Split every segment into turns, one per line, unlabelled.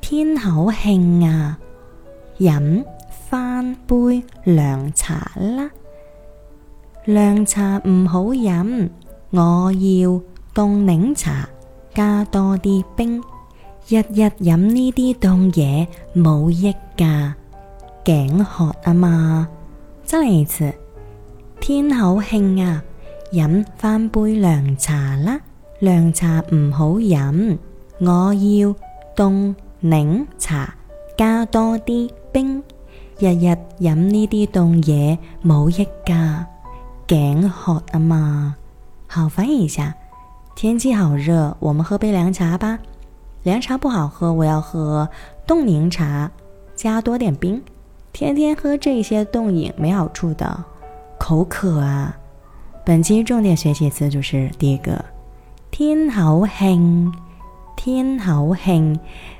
天口㷫啊，飲翻杯涼茶啦。涼茶唔好飲，我要凍檸茶，加多啲冰。日日飲呢啲凍嘢冇益噶，頸渴啊嘛。真係字天口㷫啊，飲翻杯涼茶啦。涼茶唔好飲，我要凍。檸茶加多啲冰，日日飲呢啲凍嘢冇益噶，頸渴啊嘛。好，翻譯一下：天氣好熱，我們喝杯涼茶吧。涼茶不好喝，我要喝凍檸茶，加多點冰。天天喝這些凍飲沒好處的，口渴啊。本期重點學習詞就是第一個，天口㷫，天口㷫。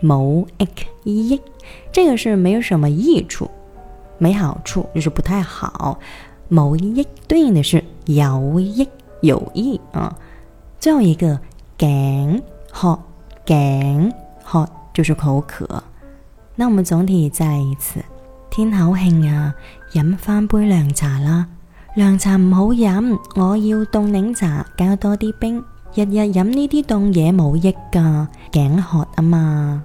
冇益，這個是沒有什麼益處，沒好處，就是不太好。冇益，對應的是有益，有益啊。最後一個頸渴，頸渴就是口渴。那我們總體就係天口㷫啊，飲翻杯涼茶啦。涼茶唔好飲，我要凍檸茶，加多啲冰。日日飲呢啲凍嘢，冇益噶，啊，頸渴啊嘛。